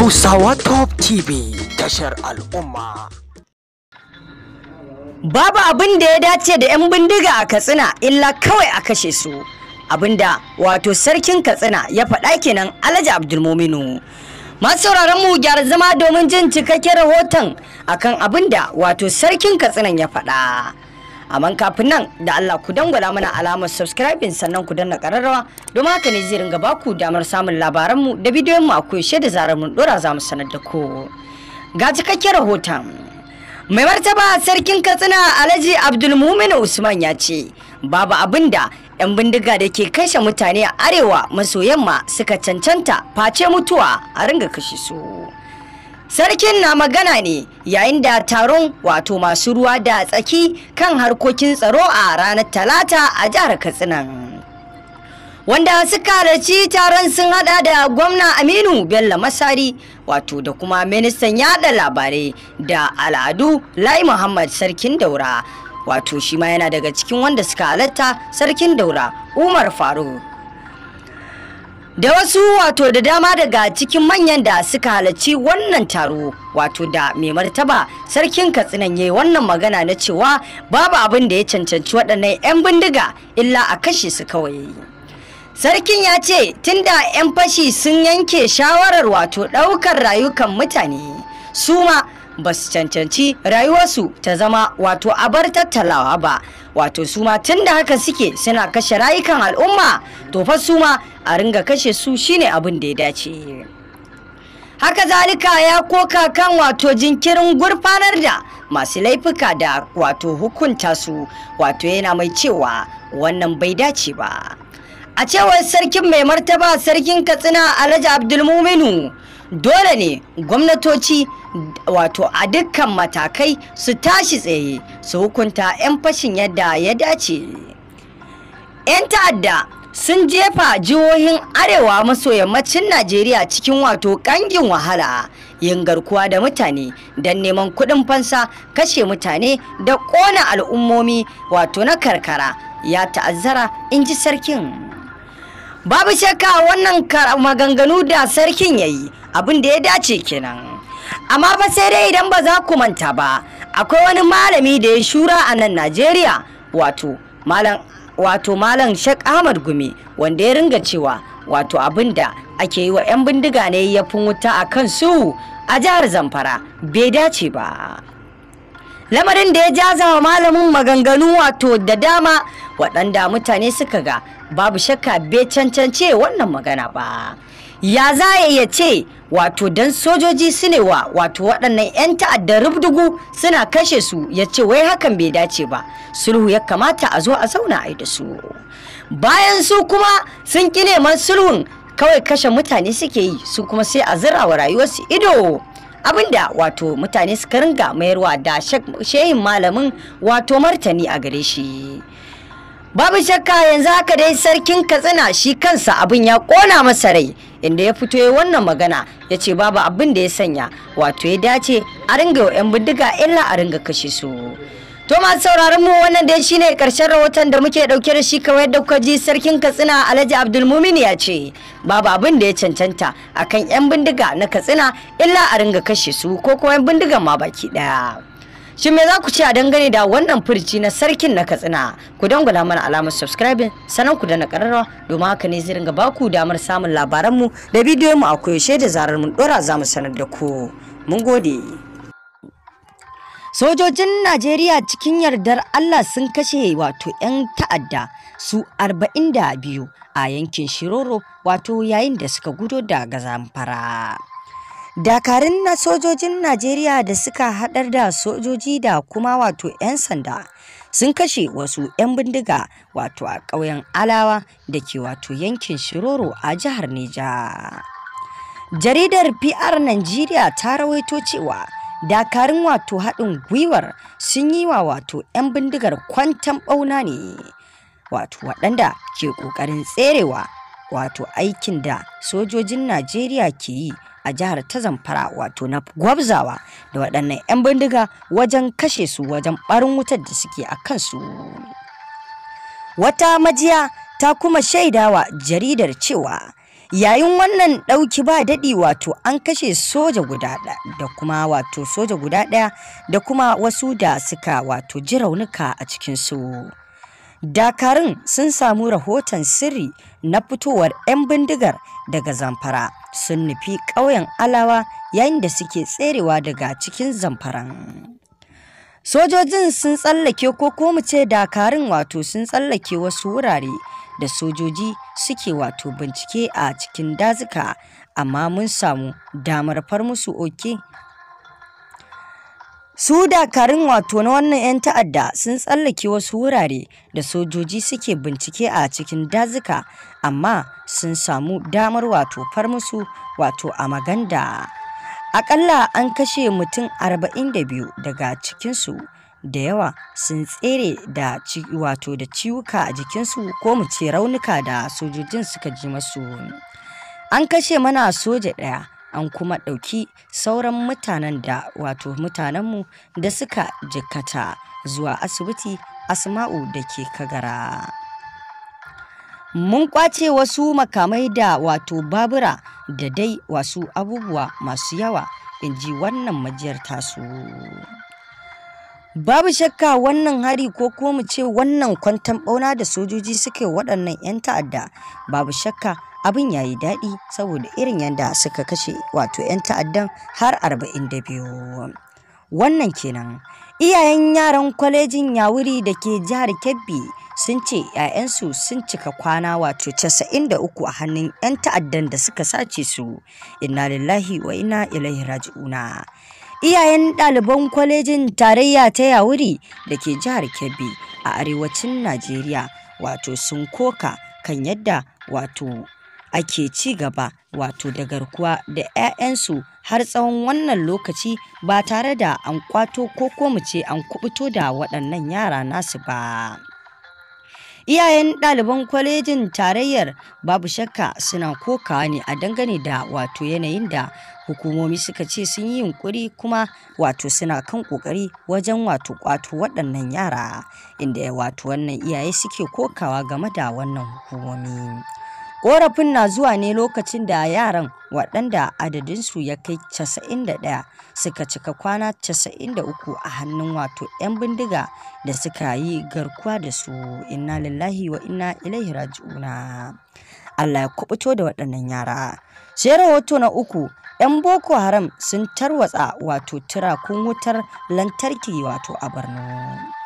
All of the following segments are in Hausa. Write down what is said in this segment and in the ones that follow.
Hausawa Top TV tashar al'umma. Babu abin da ya dace da 'yan bindiga a Katsina illa kawai a kashe su. Abinda wato sarkin Katsina ya faɗa kenan Alhaji Abdulmominu. Masu sauraron mu gyara zama domin jin cikakken rahoton akan abinda wato sarkin Katsina ya faɗa. amma kafin nan da Allah ku dangwala mana alamar subscribing sannan ku danna kararrawa domin haka ne zai ringa baku damar samun labaran labaranmu da bidiyon mu akwai koyaushe da zarar mun dora za mu sanar da ku ga cikakken rahoton mai martaba sarkin katsina alhaji abdulmumin usman ya ce babu abinda da 'yan bindiga da ke kashe mutane a arewa maso yamma suka cancanta face mutuwa a ringa kashe su Sarkin na magana ne yayin da taron wato masu ruwa da tsaki kan harkokin tsaro a ranar Talata a jihar Katsina. Wanda suka halarci taron sun hada da gwamna Aminu Bello Masari wato da kuma ministan yada labarai da al'adu Lai Muhammad Sarkin Daura wato shi ma yana daga cikin wanda suka halatta Sarkin Daura Umar Faruk. da wasu wato da dama daga cikin manyan da suka halarci wannan taro wato da mai martaba sarkin katsinan yayi wannan magana na cewa babu abin da ya cancanci waɗannan 'yan bindiga illa a kashe su kawai sarkin ya ce tunda 'yan fashi sun yanke shawarar wato ɗaukar rayukan mutane su ma ba su cancanci rayuwarsu ta zama wato abar tattalawa ba wato su ma tun da haka suke suna kashe rayukan al'umma to fa su ma a ringa kashe su shine abin da ya dace haka zalika ya koka kan wato jinkirin gurfanar da masu laifuka da wato hukunta su wato yana mai cewa wannan bai dace ba a cewar sarkin mai martaba sarkin katsina alhaji abdulmuminu dole ne gwamnatoci wato a dukkan matakai su tashi tsaye su hukunta 'yan fashin yadda ya dace 'yan ta'adda sun jefa jihohin arewa maso yammacin najeriya cikin wato kangin wahala yin garkuwa da mutane don neman kuɗin fansa kashe mutane da ƙona al'ummomi wato na karkara ya ta'azzara in ji sarkin babu shakka wannan maganganu da sarkin ya yi abin da ya dace kenan amma fa sai dai idan ba za ku manta ba akwai wani malami da ya shura a nan najeriya wato malam wato malam shek ahmad gumi wanda ya ringa cewa wato abin da ake yi wa 'yan bindiga ne ya wuta a kan su a jihar zamfara bai dace ba lamarin da ya jaza wa malamin maganganu wato da dama waɗanda mutane suka ga babu shakka bai cancance wannan magana ba ya za ya ce wato dan sojoji su ne wa wato waɗannan 'yan ta'addar rubdugu suna kashe su ya ce wai hakan bai dace ba sulhu ya kamata a zo a zauna a da su bayan su kuma sun ki neman sulhun kawai kashe mutane suke yi su kuma sai a zira wa rayuwarsu ido abinda wato mutane suka ringa mayarwa da shehin malamin wato martani a gare shi Babu shakka yanzu haka dai sarkin Katsina shi kansa abin ya kona masa rai inda ya fito ya wannan magana ya ce babu abin da ya sanya wato ya dace a ringa 'yan bindiga illa a ringa kashe su. To masu sauraron mu wannan dai shine karshen rahoton da muke dauke da shi kawai yadda kuka ji sarkin Katsina Alhaji Abdulmumin ya ce babu abin da ya cancanta akan yan bindiga na Katsina illa a ringa kashe su ko kuma yan bindigan ma baki daya. Shin me za ku ce a dangane da wannan furici na sarkin na Katsina? Ku dangula mana alamar subscribing sanan ku da na kararwa domin haka ne zai ringa baku damar samun labaranmu da bidiyon mu a koyaushe da zarar mun dora za mu sanar da ku. Mun gode. Sojojin Najeriya cikin yardar Allah sun kashe wato 'yan ta'adda su 42 a yankin Shiroro wato yayin da suka gudo daga zamfara. dakarun na sojojin najeriya da suka haɗar da sojoji da kuma wato 'yan sanda sun kashe wasu 'yan bindiga wato a ƙauyen alawa da ke wato yankin shiroro a jihar neja jaridar pr najeriya ta rawaito cewa dakarun wato haɗin gwiwar sun yi wa wato 'yan bindigar kwantan ɓauna ne wato waɗanda ke ƙoƙarin tserewa wato aikin da sojojin najeriya ke yi a jihar ta zamfara wato na gwabzawa da waɗannan 'yan bindiga wajen kashe su wajen ɓarin wutar da suke a kansu wata majiya ta kuma shaidawa jaridar cewa yayin wannan ɗauki ba daɗi wato an kashe soja guda da kuma wato soja guda ɗaya da kuma wasu da suka wato ji raunuka a cikinsu. dakarun sun samu rahoton sirri na fitowar 'yan bindigar daga zamfara sun nufi ƙauyen alawa yayin da suke tserewa daga cikin zamfara. sojojin sun tsallake ko ko mu ce dakarun wato sun tsallake wasu wurare da sojoji suke wato bincike a cikin dazuka amma mun samu damar far musu oke Su dakarun wato na wannan 'yan ta'adda sun tsallake wasu wurare da sojoji suke bincike a cikin dazuka amma sun samu damar wato far musu wato a maganda. Akalla an kashe mutum 42 daga cikinsu da yawa sun tsere da wato da ciwuka a jikinsu ko mu raunuka da sojojin suka ji masu. An kashe mana soja ɗaya. an kuma ɗauki sauran mutanen da wato mutanenmu da suka jikkata zuwa asibiti asma'u da ke kagara mun kwace wasu makamai da wato babura da dai wasu abubuwa masu yawa in ji wannan majiyar tasu babu shakka wannan hari ko ko mu ce wannan kwantan bauna da sojoji suke waɗannan 'yan ta'adda babu shakka abin ya yi daɗi saboda irin yadda suka kashe wato 'yan ta'addan har arba'in da biyu. wannan kenan iyayen yaran kwalejin yawuri da ke jihar kebbi sun ce 'ya'yansu sun cika kwana wato 93 a hannun 'yan ta'addan da suka sace su Ina lillahi wa ina, ilaihi raji'una iyayen ɗaliban kwalejin tarayya ta yawuri da ke jihar kebbi a arewacin najeriya wato sun koka kan yadda wato ake ci gaba wato da garkuwa da 'ya'yansu har tsawon wannan lokaci ba tare da an kwato ko ko mu ce an kubuto da waɗannan yara nasu ba. Iyayen ɗaliban kwalejin tarayyar babu shakka suna kokawa ne a dangane da wato yanayin da hukumomi suka ce sun yi yunkuri kuma wato suna kan kokari wajen wato kwato waɗannan yara inda wato wannan iyaye suke kokawa game da wannan hukumomi. Korafin na zuwa ne lokacin da yaran waɗanda adadinsu ya kai 91 suka cika kwana 93 a hannun wato 'yan bindiga da suka yi garkuwa da su inna lillahi wa inna ilaihi raji'una. Allah ya kubuto da waɗannan yara. Sai rahoto na uku 'yan boko haram sun tarwatsa wato tirakun wutar lantarki wato a birnin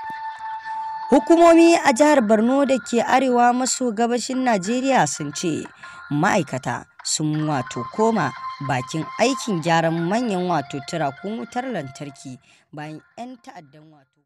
Hukumomi a jihar Borno da ke arewa maso gabashin Najeriya sun ce ma'aikata sun wato koma bakin aikin gyaran manyan wato turakun wutar lantarki bayan 'yan ta'addan wato.